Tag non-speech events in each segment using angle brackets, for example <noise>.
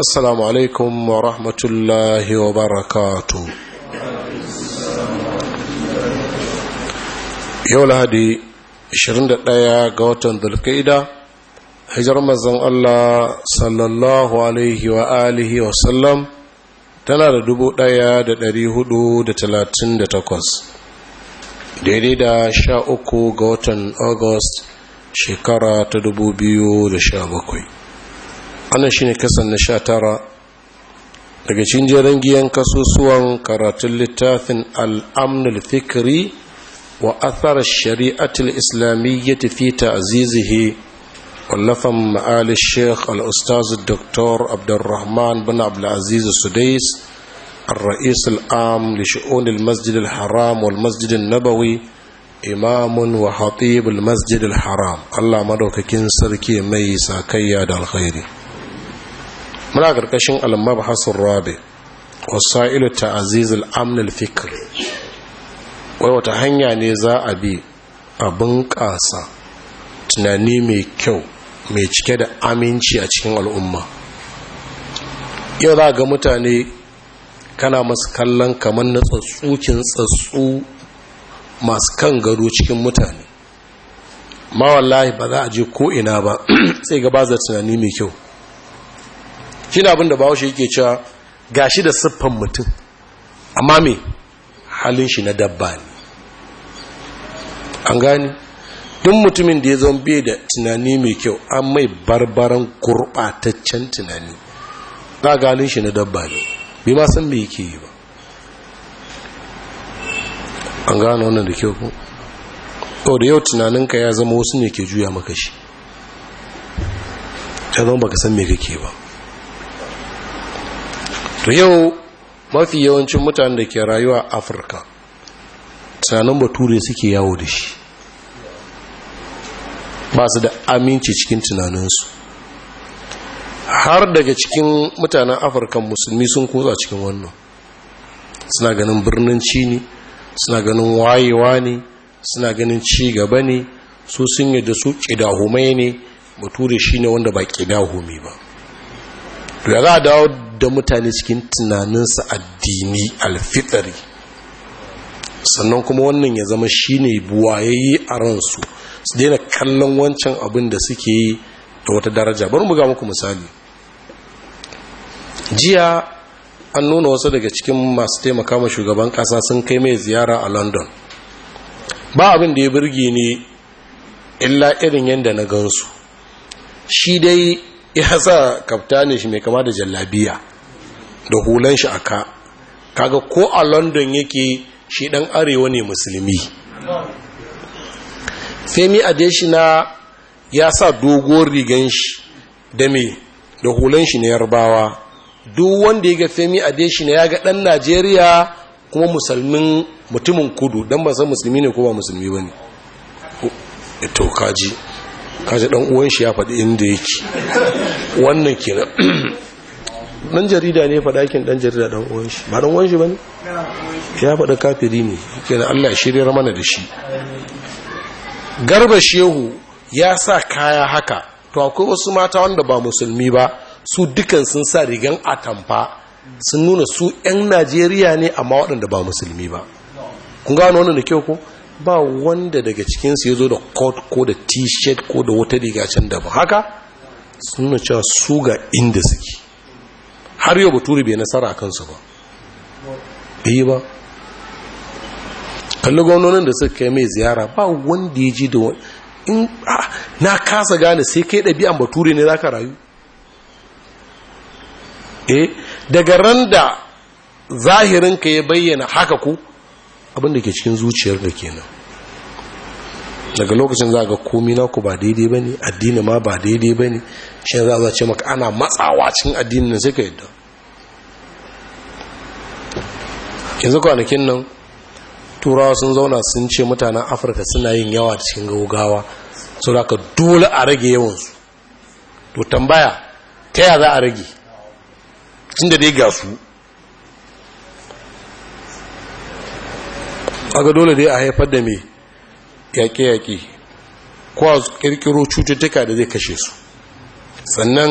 assalamu alaikum wa rahmatullahi wa barakatu yau lahadi 21 ga watan dulkaida hijar mazan Allah sallallahu alaihi wa alihi wa sallam tana da dubu ɗaya da ɗari huɗu da talatin da takwas, daidai da sha uku ga watan august shekara ta dubu biyu da sha bakwai. ana shine kasan na sha tara daga cikin jeren giyan kasusuwan karatun littafin al'amnul fikiri wa athar shari'atul islamiyyati fi ta'zizihi wallafan ma'ali sheikh al-ustaz dr abdurrahman bin abdulaziz sudais الرئيس العام لشؤون المسجد الحرام والمسجد النبوي إمام وخطيب المسجد الحرام الله مدوككين سركي ميسا كياد الخيري muna karkashin almar mabhasur rabi wasailu ta'aziz al-amn al wai wata hanya ne za a bi abin ƙasa tunani mai kyau mai cike da aminci a cikin al'umma yau za ga mutane kana masu kallon kamar na tsatsukin tsatsu masu kan gado cikin mutane ma wallahi ba za a je ko'ina ba <clears throat> sai gaba za tunani mai kyau shi na abinda bahaushe yake cewa gashi da siffan mutum amma me halin shi na dabba ne an gani duk mutumin da ya zo biye da tunani mai kyau an mai barbaran gurɓataccen tunani ga halin shi na dabba ne bai ma san mai yake yi ba an gano wannan da kyau ko da yau tunaninka ya zama wasu ne ke juya maka shi ta zama baka san me kake ba to yau mafi yawancin mutane da ke rayuwa a afirka sanan bature suke yawo da shi ba su da aminci cikin tunaninsu har daga cikin mutanen afirka musulmi sun kotsa cikin wannan suna ganin birnin ci ne suna ganin wayewa ne suna ganin ci gaba ne su sun yadda su ƙidahumai ne bature shi ne wanda ba ƙidahumi ba da za a dawo da mutane cikin tunaninsa addini alfitari sannan kuma wannan ya zama shine buwayayi a ransu su daina kallon wancan abin da suke yi da wata daraja bari mu ga muku misali jiya an nuna wasu daga cikin masu taimaka ma shugaban kasa sun kai mai ziyara a london ba abin da ya birge ne illa irin yadda na gansu shi dai ya sa kaftani shi mai kama da jallabiya da hulan shi aka kaga ko a london yake shi dan arewa ne musulmi femi adeshina ya sa doguwar rigan shi da me da hulan shi na yarbawa duk wanda ya ga femi adeshina ya ga dan najeriya kuma musulmin mutumin kudu dan ba san musulmi ne ko ba musulmi ba ne e to kaji kaji dan uwan shi ya faɗi inda yake wannan kenan dan jarida ne faɗa kin dan jarida dan uwan ba dan uwan shi bane ya faɗa kafiri ne kenan Allah shiryar mana da shi garba shehu ya sa kaya haka to akwai wasu mata wanda ba musulmi ba su dukan sun sa rigan atamfa sun nuna su 'yan najeriya ne amma waɗanda ba musulmi ba kun gano wannan da kyau ko ba wanda daga cikinsu ya zo da kot ko da t-shirt ko da wata riga can da haka sun nuna cewa su ga inda suke har yau baturi bai nasara a kansu ba yi ba kalli gwamnonin da suka kai mai ziyara ba wanda ya ji da wani in na kasa gane sai kai ɗabi'an baturi ne za ka rayu eh daga ran da zahirinka ya bayyana haka ku abinda ke cikin zuciyar da kenan daga lokacin za ga komi naku ba daidai ba ne addini ma ba daidai ba ne shi za a ce maka ana matsawa cikin addinin sai ka yadda yanzu kwanakin nan turawa sun zauna sun ce mutanen afirka suna yin yawa cikin gaugawa sau da ka dole a rage yawansu to tambaya ta yaya za a rage cin da dai ga su aga dole dai a haifar da mai yaƙe-yaƙe kwa su kirkiro cututtuka da zai kashe su sannan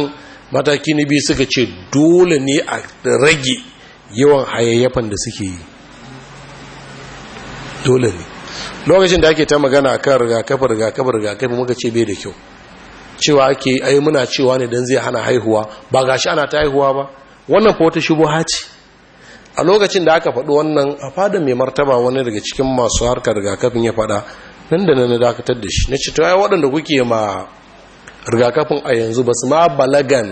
mataki na biyu suka ce dole ne a rage yawan hayayyafan da suke yi dole ne lokacin da ake ta magana a kan rigakafin rigakafin rigakafin muka ce bai da kyau cewa ake ai muna cewa ne don zai hana haihuwa ba gashi ana ta haihuwa ba wannan ko wata shigo haci a lokacin da aka faɗi wannan a fada mai martaba wani daga cikin masu harkar rigakafin ya faɗa nan da nan dakatar da shi na ce ta waɗanda kuke ma rigakafin a yanzu ba su ma balagan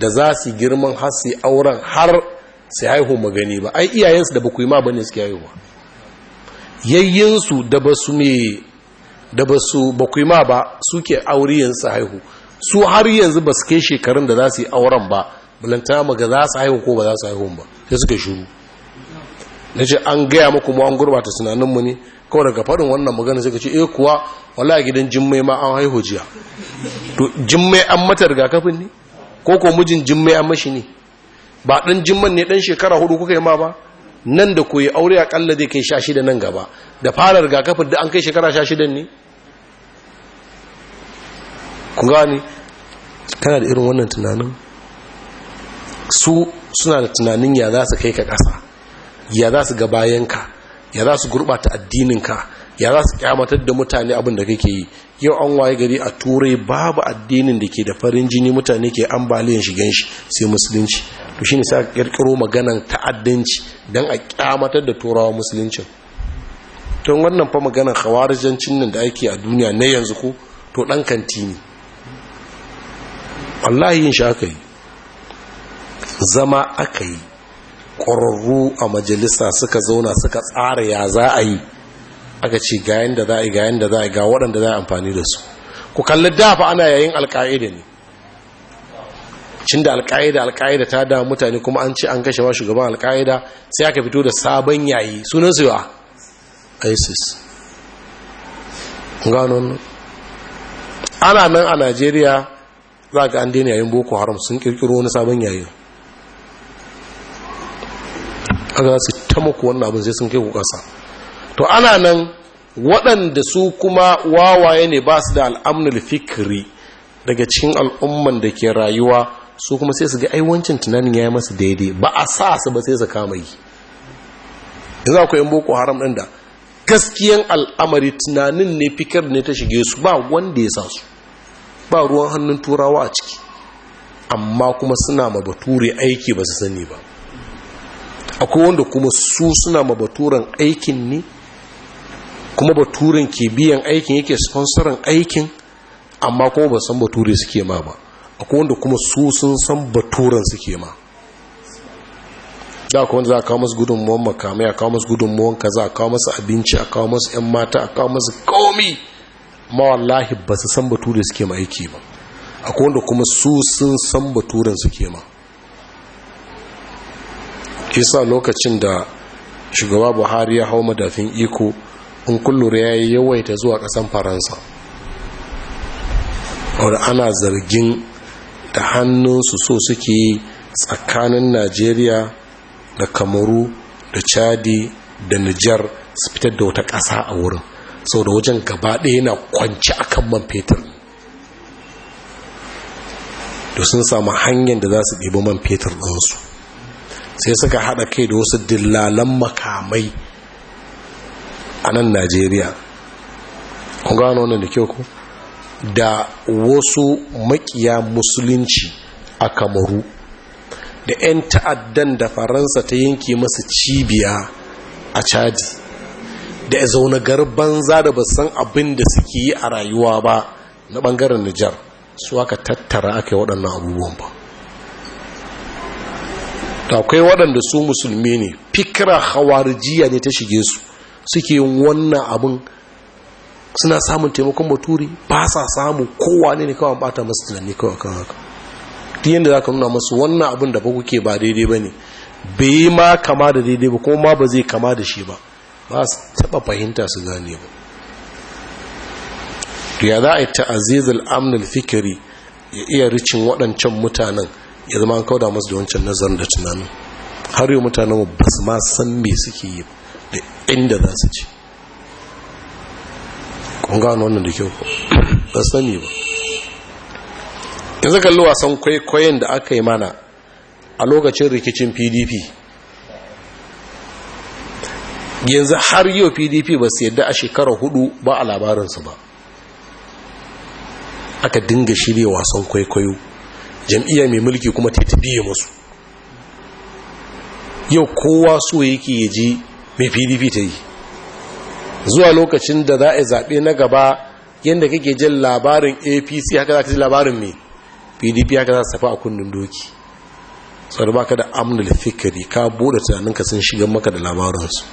da za su girman har su auren har su haihu magani ba ai iyayensu da ba ku yi ma ba ne suke haihuwa yayyinsu da ba su me da ba su ba ma ba suke aure yanzu haihu su har yanzu ba su kai shekarun da za su yi auren ba balantana maga za su haihu ko ba za su haihu ba sai suka shuru na ce an gaya muku mu an gurbata tunaninmu ne kawai daga faɗin wannan magana suka ce eh kuwa wala gidan jimmai ma an haihu jiya to jimmai an mata rigakafin ne ko ko mijin jimmai an mashi ne ba ɗan jimman ne ɗan shekara hudu kuka yi ma ba nan da koyi aure a ƙalla zai kai sha shida nan gaba da fara rigakafin da an kai shekara sha dan ne ku gane kana da irin wannan tunanin su suna da tunanin ya za su kai ka ƙasa ya za su ga bayanka ya za su gurɓata addininka ya za su kyamatar da mutane abin da kake yi yau an waye gari a turai babu addinin da ke da farin jini mutane ke ambaliyan shigan shi sai musulunci to shine sai ka kirkiro maganan ta'addanci dan a kyamatar da turawa musuluncin tun wannan fa maganan khawarijancin nan da ake a duniya na yanzu ko to dan kanti ne wallahi yin shi aka yi zama aka yi ƙwararru a majalisa suka zauna suka tsara ya za a yi aka ce ga yadda za a yi ga yadda za a yi ga waɗanda za a amfani da su ku kalli dafa ana yayin alka'ida ne cin da alka'ida alka'ida ta da mutane kuma an ce an kashe ma shugaban alka'ida sai aka fito da sabon yayi sunan su yawa isis gano ana nan a najeriya za ga an daina yayin boko haram sun kirkiro wani sabon yayi. haka su ta wannan abin sai sun kai ku kasa to ana nan waɗanda su kuma wawaye ne ba su da al'amnul fikiri daga cikin al'umman da ke rayuwa su kuma sai su ga aiwancin tunanin ya yi masu daidai ba a sa su ba sai su kama yi za ku yi boko haram ɗin da gaskiyan al'amari tunanin ne fikir ne ta shige su ba wanda ya sa su ba ruwan hannun turawa a ciki amma kuma suna ma bature aiki ba su sani ba akwai wanda kuma su suna ma baturan aikin ne kuma baturan ke biyan aikin yake sponsorin aikin amma kuma ba san bature suke ma ba akwai wanda kuma su sun san baturan suke ma da kuma za a kawo masu gudunmuwan makamai a kawo masu gudunmuwan kaza a kawo masu abinci a kawo masu 'yan mata a kawo masu komi ma wallahi ba su san bature suke ma aiki ba akwai wanda kuma su sun san baturan suke ma kisa lokacin da shugaba buhari ya hau madafin iko in kullum ya yi yawaita zuwa kasan faransa wadda ana zargin da hannun su so suke tsakanin najeriya da kamaru da chadi da nijar su fitar da wata ƙasa a wurin sau da wajen gaba ɗaya yana kwanci a kan man fetur da sun samu hanyar da za su ɗibi man fetur ɗinsu sai suka haɗa kai da wasu dillalan makamai a nan najeriya kun gano wannan da kyau ku da wasu makiya musulunci a kamaru da 'yan ta'addan da faransa ta yanke masa cibiya a chadi da ya zaune garban za da basan abin da suke yi a rayuwa ba na bangaren nijar su aka tattara aka yi waɗannan abubuwan ba to akwai waɗanda su musulmi ne fikira hawarijiya ne ta shige su suke yin wannan abin suna samun taimakon baturi ba sa samu kowa ne ne kawai bata masu tunani kawai kan haka ta yadda za ka nuna masu wannan abin da ba kuke ba daidai ba ne bai yi ma kama da daidai ba kuma ma ba zai kama da shi ba ba su taɓa fahimta su gane ba ya za a yi ta'azizul amnul fikiri ya iya ricin waɗancan mutanen ya zama an kauda masu da wancan nazarin da tunanin har yi mutanen ba su ma san me suke yi da inda za su ci kun wannan da kyau <coughs> ba sani ba yanzu kalli wasan kwaikwayon da aka yi mana a lokacin rikicin pdp yanzu har yau pdp ba su yadda a shekara hudu ba a labarinsu ba aka dinga shirya wasan kwaikwayo jam'iyya mai mulki kuma ta tafiye musu yau kowa so yake ya ji mai pdp ta yi zuwa lokacin da za a zaɓe na gaba yadda kake jin labarin apc haka za ka ji labarin mai pdp haka za su tafi a kundin doki ba baka da amnul fikiri ka bude tunaninka sun shiga maka da labaransu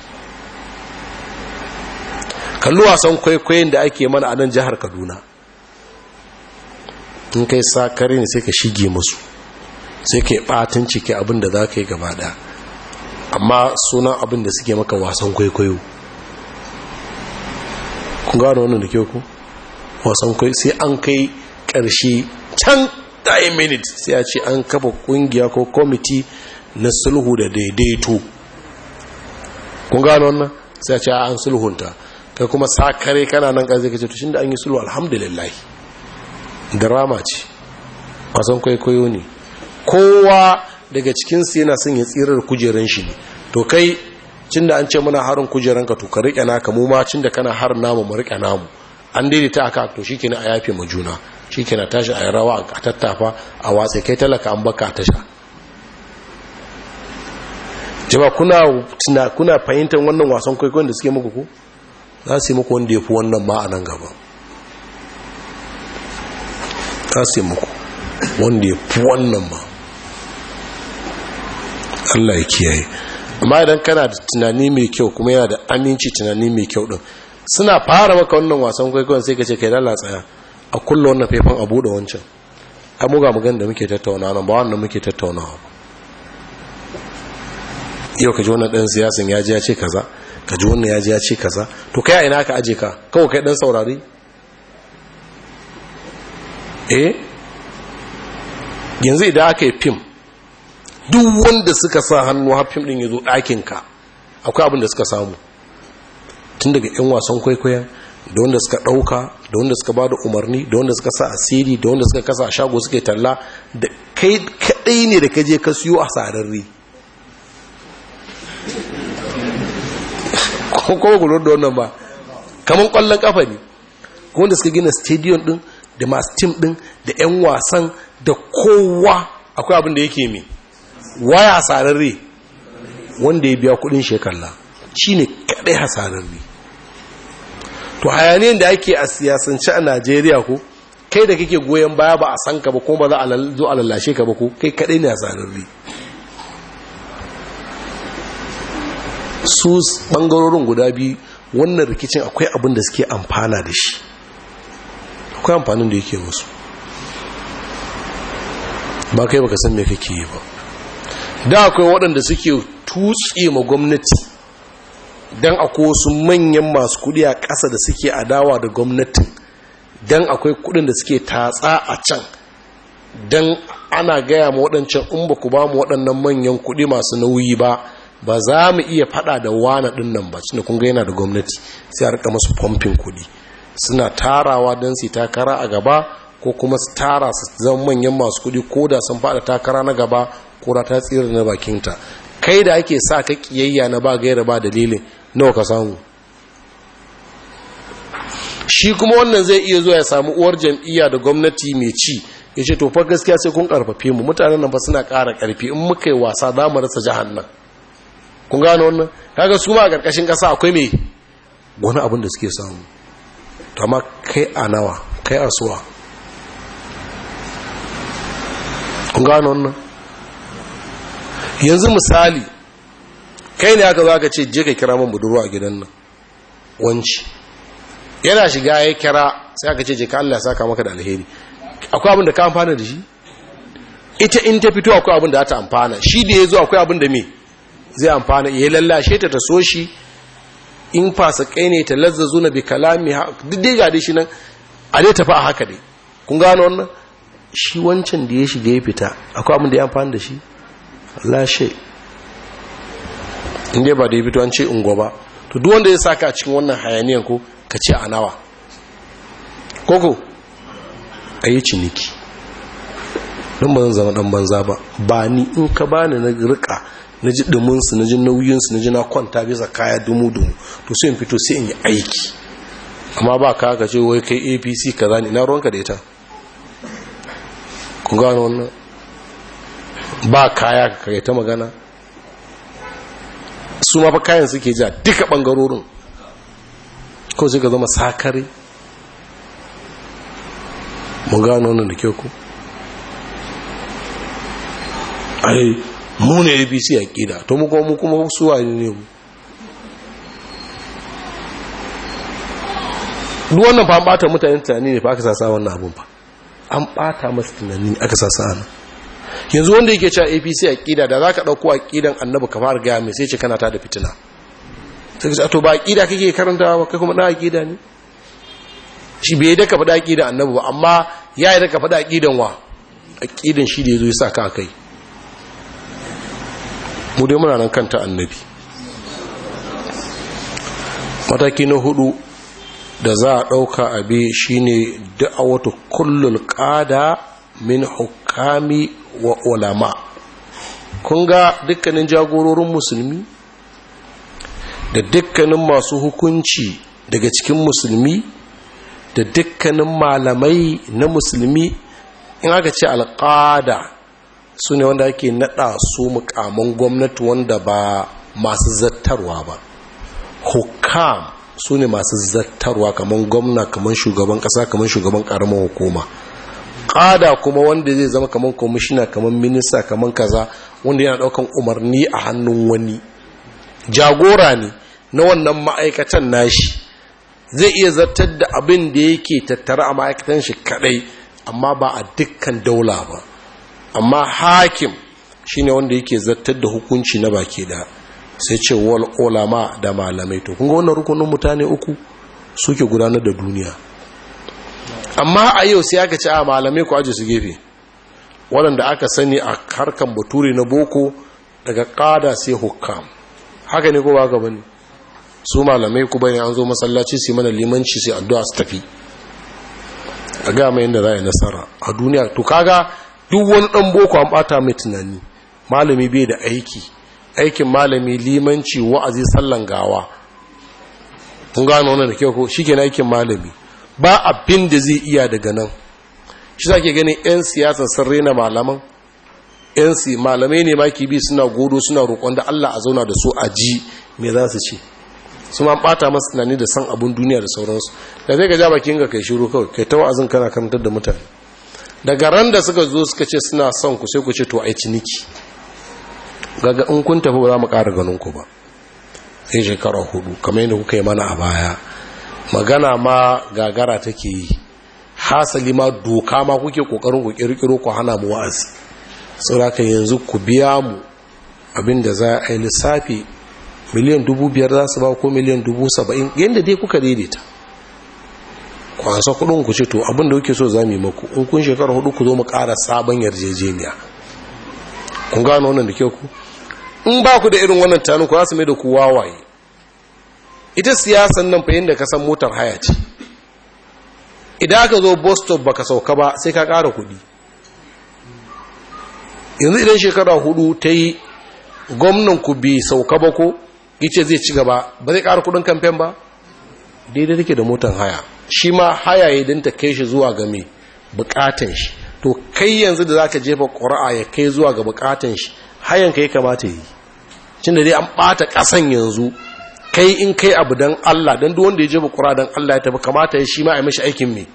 kalli wasan kwaikwayon da ake mana a nan jihar kaduna in kai sakari ne sai ka shige musu sai ka yi ɓatan ciki abin da za ka yi gaba ɗaya amma sunan abin da suke maka wasan kwaikwayo kun gano wannan da ke ku wasan kwaikwayo sai an kai ƙarshe can daya minit sai a ce an kafa ƙungiya ko kwamiti na sulhu da daidaito kun gano wannan sai a ce an sulhunta kai kuma sakare kana nan ƙarfi ka ce tushin da an yi sulhu alhamdulillah drama ce wasan kwaikwayo ne kowa daga cikinsu yana son ya tsirar kujeran shi ne to kai cin da an ce muna harin ka to ka riƙe naka mu ma cin da kana harin namu mu riƙe namu an daidaita aka to shi kenan a yafe mu juna shi na tashi a yi rawa a tattafa a watsa kai talaka an baka a tasha jama kuna fahimtar wannan wasan kwaikwayon da suke muku ku za su yi muku wanda ya fi wannan ma a nan gaba kase muku wanda ya fi wannan ma Allah ya kiyaye amma idan kana da tunani mai kyau kuma yana da aminci tunani mai kyau din suna fara maka wannan wasan kwaikwayon sai ka ce kai lalata tsaya a kulla wannan faifan a buɗe wancan an muga magan da muke tattauna nan ba wannan muke tattauna ba yau ka ji wannan ɗan siyasan ya ji ya ce kaza ka ji wannan ya ji ya ce kaza to kai a ina ka aje ka kawai kai ɗan saurari eh yanzu idan aka yi fim duk wanda suka sa hannu har fim din ya zo ɗakinka akwai abin da suka samu tun daga 'yan wasan kwaikwayon da wanda suka ɗauka da wanda suka ba da umarni da wanda suka sa asiri da wanda suka kasa a shago suke talla da kai kaɗai ne da kaje ka siyo a sararri <laughs> ko kuma ku da wannan ba kamar kwallon ƙafa ne wanda suka gina stadium ɗin da masu tim din, da 'yan wasan da kowa akwai abin da yake mi waya hasararri? wanda ya biya kudin shekalla shi ne kaɗai sararri to hayaniyar da ake a siyasance a najeriya ko kai da kake goyon baya ba a san ka ba kuma ba za a zo a lallashe ka ba ko kai kadai ne sararri su ɓangarorin guda biyu wannan rikicin akwai abin da suke amfana da shi akwai amfanin da yake musu ba kai baka san me kake yi ba da akwai waɗanda suke tutse ma gwamnati don akwai wasu manyan masu kudi a ƙasa da suke adawa da gwamnatin don akwai kudin da suke tatsa a can don ana gaya ma waɗancan in ba ku ba mu waɗannan manyan kudi masu nauyi ba ba za mu iya fada da wana ɗin nan ba cinna kun ga yana da gwamnati sai a rika masu fomfin kudi suna tarawa don su takara a gaba ko kuma su tara su zama manyan masu kudi ko da sun fada takara na gaba ko ta tsira na bakinta kai da ake sa ka kiyayya na ba gaira ba dalilin nawa ka samu shi kuma wannan zai iya zuwa ya samu uwar jam'iyya da gwamnati mai ci ya ce to gaskiya sai kun karfafe mu mutanen nan ba suna ƙara karfi in muka yi wasa za mu rasa jahannan kun gano wannan kaga su ma a karkashin ƙasa akwai mai wani abin da suke samu tama kai a nawa kai a suwa gano nan yanzu misali kai ne aka zaka ce je ka kira man budurwa a gidan nan wanci yana shiga ya kira sai aka ce je ka Allah saka maka da alheri akwai abin da ka amfana da shi ita in ta fito akwai abin da ta amfana shi da ya zo akwai abin da me zai amfana ya lallashe ta ta so shi in fasikai ne ta lazzazu na bi kalami duk dai ga dai shi nan a dai tafi a haka dai kun gano wannan shi wancan da ya shiga ya fita akwai abin da ya amfani da shi lashe inda ba da ya fito an ce in ba to duk wanda ya saka a cikin wannan hayaniyan ko ka ce a nawa koko a yi ciniki don ba zan zama dan banza ba ba ni in ka bani na rika na ji ɗuminsu na ji nauyinsu na ji na kwanta bisa kaya dumu-dumu to sai in fito sai in yi aiki amma ba ka haka ce wai kai apc ka zane na ruwanka da ita ku gano wannan ba kaya ka kai ta magana su ma fa kayan suke ja duka ɓangarorin ko sai ka zama sakare mu gano wannan da kyau ku mu ne apc a ƙida to mu kuma kuma suwa ne mu duk wannan ba an ɓata mutane tunani ne fa aka sasa wannan abun fa? an ɓata masa tunani aka sasa ana yanzu wanda yake cewa apc a ƙida da za ka ɗauko a ƙidan annabi ka fara gaya mai sai ce kana ta da fitina sai ka to ba a ƙida kake karanta ba kai kuma na a ƙida ne shi bai da ka faɗa a ƙidan annabi ba amma ya yi da ka faɗa a ƙidan wa a ƙidan shi da ya zo ya sa ka kai mu dai muna nan kanta annabi mataki na hudu da za a ɗauka abi shine da'awatu kullul qada min hukami wa ulama kun ga dukkanin jagororin musulmi da dukkanin masu hukunci daga cikin musulmi da dukkanin malamai na musulmi in aka ce alƙada su ne wanda ake naɗa su mukamin gwamnati wanda ba masu zattarwa ba hukam su ne masu zattarwa kamar gwamna kamar shugaban ƙasa kamar shugaban ƙaramin hukuma ƙada kuma wanda zai zama kamar kwamishina kamar minista kamar kaza wanda yana ɗaukan umarni a hannun wani jagora ne na wannan ma'aikatan nashi zai iya zartar da abin da yake tattara a ma'aikatan shi kadai amma ba a dukkan daula ba amma hakim shine wanda yake zartar da hukunci na baki da sai ce wal ulama da malamai to kunga wannan rukunin mutane uku suke gudanar da duniya amma a yau sai aka ce a malamai ku aje su gefe waɗanda aka sani a harkan bature na boko daga ƙada sai hukam haka ne ko ba ka bane su malamai ku bane an zo masallaci su mana limanci sai addu'a su tafi a ga mai yadda za a yi nasara a duniya to kaga duk wani ɗan boko an ɓata mai tunani malami bai da aiki aikin malami limanci wa'azi sallan gawa kun gano wannan da kyau ko shi aikin malami ba abin da zai iya daga nan shi za ke ganin 'yan siyasa sun rena malaman 'yan si malamai ne maki bi suna godo suna roƙon da allah a zauna da su a ji me za su ce su ma ɓata masu tunani da san abun duniya da sauransu da zai ga ja ga kai shiru kawai kai ta wa'azin kana karantar da mutane daga ran da suka zo suka ce suna son ku sai ku ce to ai ciniki gaga in kun tafi ba za mu ƙara ganin ku ba sai shekara hudu kamar yadda kuka yi mana a baya magana ma gagara take yi hasali ma doka ma kuke kokarin ku kirkiro ku hana mu wa'azi saboda yanzu ku biya mu abinda za a yi lissafi miliyan dubu biyar za su ba ko miliyan dubu saba'in yadda dai kuka daidaita kwanso kudin ku ce to abinda kuke so za mu yi maku in kun shekara hudu ku zo mu ƙara sabon yarjejeniya kun gano wannan da ke ku in ba ku da irin wannan tanu ku za su mai da ku wawaye ita siyasan nan fa da ka san motar haya ce idan aka zo boston baka sauka ba sai ka ƙara kuɗi yanzu idan shekara hudu ta yi gwamnan ku bi sauka ba ko yace zai ci gaba ba zai ƙara kuɗin kamfen ba daidai take da motar haya shi ma hayaye don ta kai shi zuwa ga mai bukatan shi to kai yanzu da zaka jefa ƙura'a ya kai zuwa ga bukatan shi hayan ka ya kamata yi cin da dai an ɓata ƙasan yanzu kai in kai abu don Allah don duk wanda ya jefa ƙura'a don Allah ya tafi kamata ya shi ma a mashi aikin mai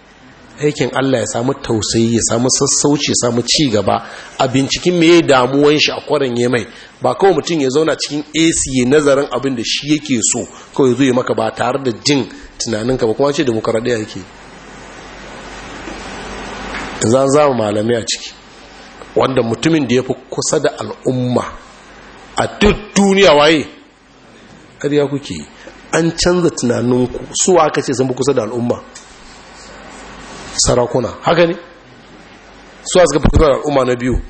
aikin Allah ya samu tausayi ya samu sassauci ya samu ci gaba a binciken me damuwan shi a kwaran ya mai ba kawai mutum ya zauna cikin AC ya nazarin abin da shi yake so kawai zuwa maka ba tare da jin tunaninka ba kuma ce demokaradiyya yake za zama malamai a ciki wanda mutumin da ya fi kusa da al'umma a duk duniya waye ƙarya kuke an canza tunaninku su aka ce sun fi kusa da al'umma sarakuna haka ne su a suka fi kusa da al'umma na biyu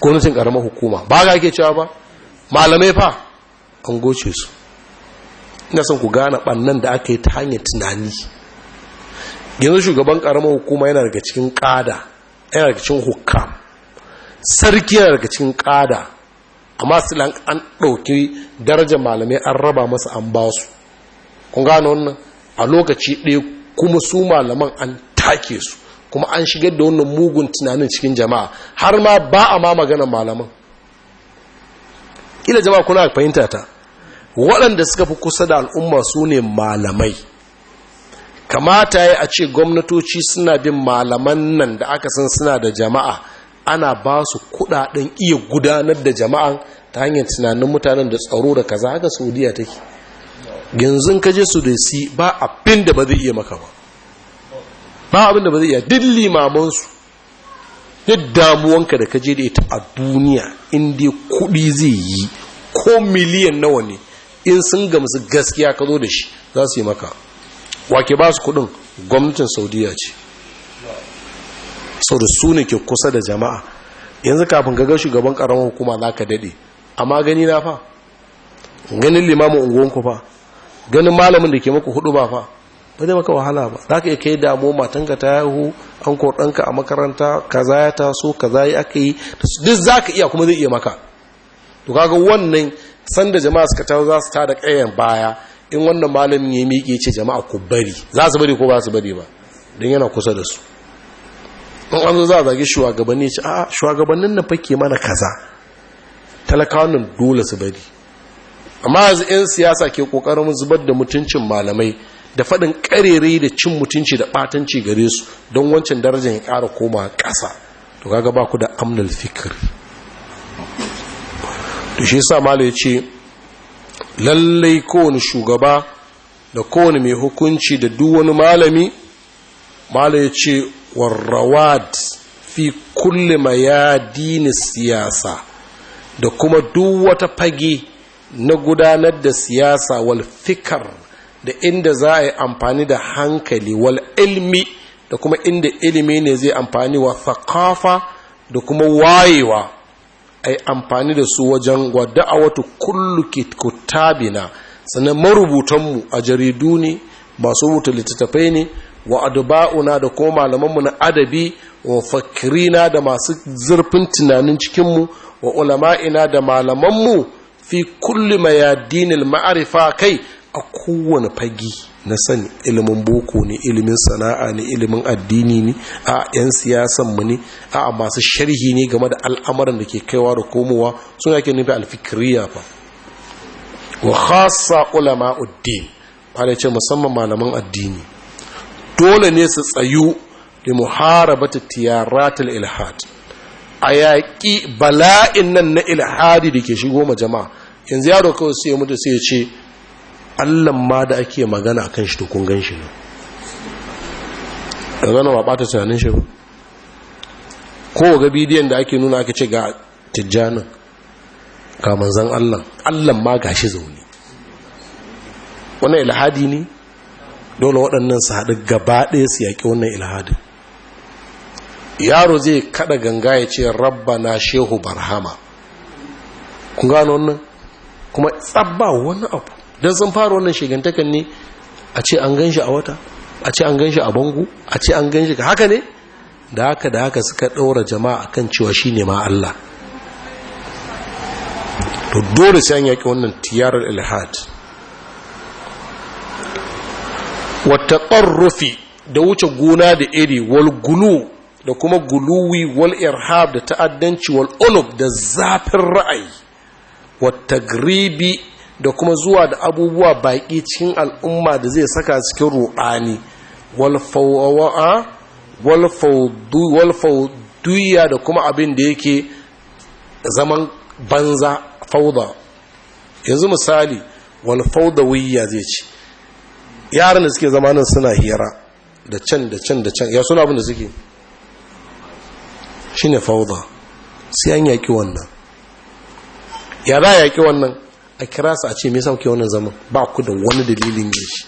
gwamnatin ƙaramar hukuma ba ga ake cewa ba malamai fa an goce su ina son ku gane bannan da aka yi ta hanyar tunani yanzu shugaban karamar hukuma yana daga cikin ƙada yana daga cikin hukam sarki yana daga cikin ƙada amma su an ɗauki daraja malamai an raba masa an ba su kun gane wannan a lokaci ɗaya kuma su malaman an take su kuma an shigar da wannan mugun tunanin cikin jama'a har ma ba a ma maganar malaman ila jama'a kuna fahimta ta waɗanda suka fi kusa da al'umma su ne malamai kamata ya a ce gwamnatoci suna bin malaman nan da aka san suna da jama'a ana ba su kudaden iya gudanar da jama'a ta hanyar tunanin mutanen da tsaro da kaza haka saudiya take yanzu ka je su da si ba abin da ba zai iya maka ba ba abin da ba zai iya duk limamansu duk damuwanka da ka je da ita a duniya inda kuɗi zai yi ko miliyan nawa ne in sun gamsu gaskiya ka zo da shi za su yi maka wake ba su kudin gwamnatin saudiya ce sau da su ne ke kusa da jama'a yanzu kafin ga shugaban karamar hukuma za ka daɗe amma gani na fa ganin limamin unguwanku fa ganin malamin da ke maku hudu ba fa ba zai maka wahala ba za ka iya kai damu matanka ta yahu an kodanka a makaranta kaza ya taso kaza ya aka yi duk za ka iya kuma zai iya maka to kaga wannan sanda jama'a suka tawo za su tada kayan baya in wannan malamin ya miƙe ce jama'a ku bari za su bari ko ba su bari ba don yana kusa da su in an zo za a zage shugabanni ce a shugabannin na fake mana kaza talakawan nan dole su bari amma yanzu 'yan siyasa ke kokarin zubar da mutuncin malamai da faɗin ƙarere da cin mutunci da ɓatanci gare su don wancan darajar ya ƙara koma ƙasa to kaga ba ku da amnal fikir to shi yasa malai ya ce lallai kowane shugaba da kowane mai hukunci da duk wani malami malai ya ce warrawad fi kulle mayadini siyasa da kuma duk wata fage na gudanar da siyasa wal fikar da inda za a yi amfani da hankali wal ilmi da kuma inda ilimi ne zai amfani wa thakafa da kuma wayewa ai amfani da su wajen gwada a wata kullu tabina, sannan marubutanmu a jaridu ne masu wuta littattafai ne wa adaba'una da kuma malamanmu na adabi wa fakirina da masu zurfin tunanin cikinmu wa ulama'ina da malamanmu fi kulli mayadinil ma'arifa kai a kowane fagi na sani ilimin boko ne ilimin sana'a ne ilimin addini ne a 'yan siyasan mu ne a masu sharhi ne game da al'amuran da ke kaiwa da komowa suna yake nufi alfikiriya fa wa khassa ulama uddin ba ce musamman malaman addini dole ne su tsayu da muharabata tiyaratul ilhad a yaƙi bala'in nan na ilhadi da ke shigo ma jama'a yanzu yaro kawai sai mutu sai ce allan ma da ake magana kan shi tukun gan shi ne daga ba ta tunanin shi ba ko ga bidiyon da ake nuna aka ce ga tijjanin ga manzan allan allan ma ga shi zaune wannan ilhadi ne dole waɗannan su haɗu gaba ɗaya su yaƙi wannan ilhadin yaro zai kada ganga ya ce rabba na shehu barhama kun gano wannan kuma tsabba wani abu don sun fara wannan shigantakan ne a ce an gan a wata a ce an gan a bangu a ce an gan shi haka ne da haka da haka suka ɗaura jama'a akan cewa shine ma Allah to dole sai an yaƙi wannan tiyarar ilhad wata ƙarrufi da wuce gona da iri wal gulu da kuma guluwi wal irhab da ta'addanci wal ulub da zafin ra'ayi wata da kuma zuwa da abubuwa baƙi cikin al'umma da zai saka cikin ruɗani walfawa'a walfauduya da kuma abin da yake zaman banza fauda yanzu misali walfaudawiyya zai ce yaran da suke zamanin suna hira da can da can da can ya suna abin da suke shi ne fauda sai an yaƙi wannan ya za yaƙi wannan a kira su a ce me sauke wannan zaman ba ku da wani dalilin yin shi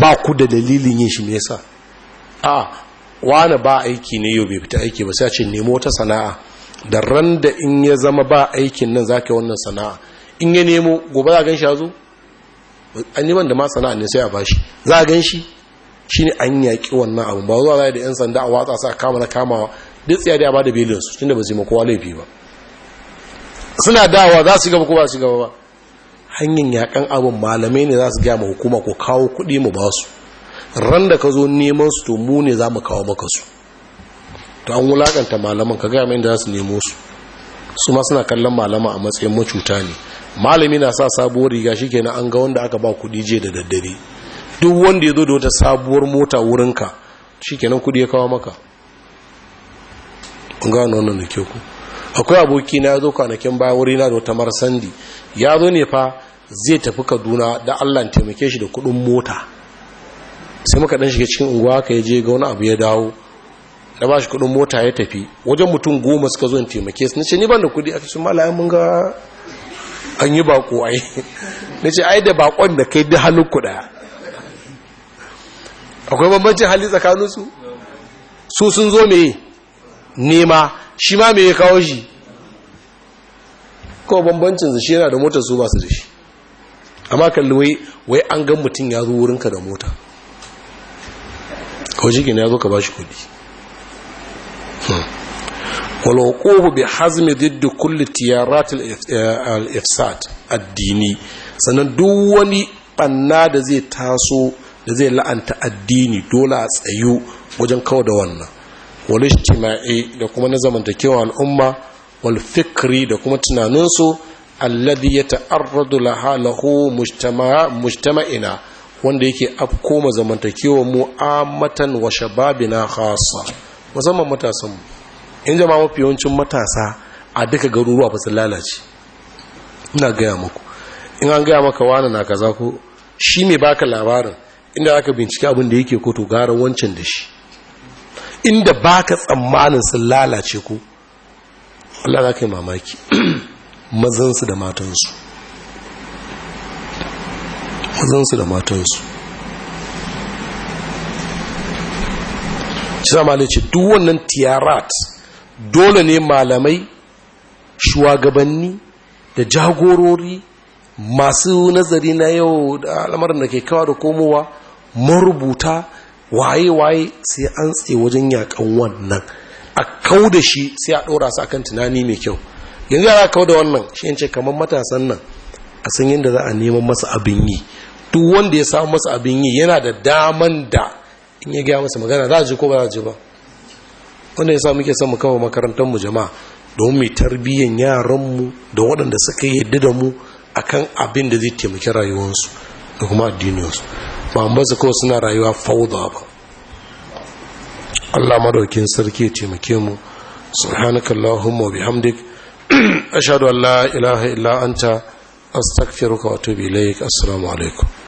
ba ku da dalilin yin shi me yasa a wani ba aiki ne yau bai fita aiki ba sai a ce nemo ta sana'a da ran da in ya zama ba aikin nan za yi wannan sana'a in ya nemo gobe za a gan shi zo an yi da ma sana'a ne sai a bashi za a gan shi ne an yaƙi wannan abu ba zuwa zai da yan sanda a watsa sa kama na kamawa duk tsaye da ya bada belinsu tun da ba zai makowa laifi ba suna dawa za su gaba ko ba su gaba ba hanyar yakan abin malamai ne za su gaya ma hukuma ko kawo kuɗi mu ba su ran da ka zo neman su to mu ne za mu kawo maka su to an wulakanta malaman ka gaya mai da za su nemo su su ma suna kallon malama a matsayin macuta ne malami na sa sabuwar riga shi kenan an ga wanda aka ba kuɗi je da daddare duk wanda ya zo da wata sabuwar mota wurinka kenan kuɗi ya kawo maka gano wannan da kyau ku akwai aboki na ya zo kwanakin bayan wuri na da wata marsandi ya zo ne fa zai tafi kaduna da allah taimake shi da kudin mota sai muka dan shiga cikin unguwa ka ya je ga wani abu ya dawo Da ba shi kudin mota ya tafi wajen mutum goma suka zo taimake su nace ni ban da kudi a cikin malayan mun ga an yi bako ai nace ai da bakon da kai duk halin kuɗa akwai bambancin hali tsakaninsu su sun zo me nema shi ma mai ya kawo shi kawai bambancin shi yana da motar su basu da shi amma kalli wai an gan mutum ya zo wurinka da mota kawai shi ya zo ka ba shi kudi hmm. walwakobu bai hazmi didda kulle tiyarat eh, al ifsat addini sannan duk wani banna da zai taso da zai la'anta addini dole a tsayu wajen kawo da wannan walishtima'i da kuma na zamantakewa al'umma wal da kuma tunaninsu alladhi yata'arradu halahu, lahu mujtama'ina wanda yake afko ma zamantakewa mu amatan wa shababina khassa musamman matasan in jama'a mafi yawancin matasa a duka garuruwa ba su lalace ina gaya muku in an gaya maka wani na kaza ko shi mai baka labarin inda aka bincike abin da yake ko to gara wancan da shi inda baka tsammanin sun lalace ku Allah za ka yi mamaki <clears throat> mazansu da matansu mazansu da matansu shi zama ce duk wannan tiyarat dole ne malamai shugabanni da jagorori masu nazari na yau da al'amarin da ke kawo da komowa marubuta waye-waye sai an tsaye wajen yakan wannan a kau da shi sai a ɗora su akan tunani mai kyau yanzu yara kau da wannan shi yance kamar matasan nan a san yadda za a neman masa abin yi duk wanda ya samu masa abin yi yana da daman da in ya gaya masa magana za a ji ko ba za a ji ba wanda ya sa muke son mu kawo makarantar mu jama'a don mai tarbiyyan yaran mu da waɗanda suka yadda da mu akan abin da zai taimaki rayuwarsu da kuma su ba mu basu suna rayuwa fauda ba Allah madaukin sarki ya taimake mu subhanaka allahumma wa bihamdik <clears throat> ashhadu an la ilaha illa anta astaghfiruka wa atubu ilaik assalamu alaikum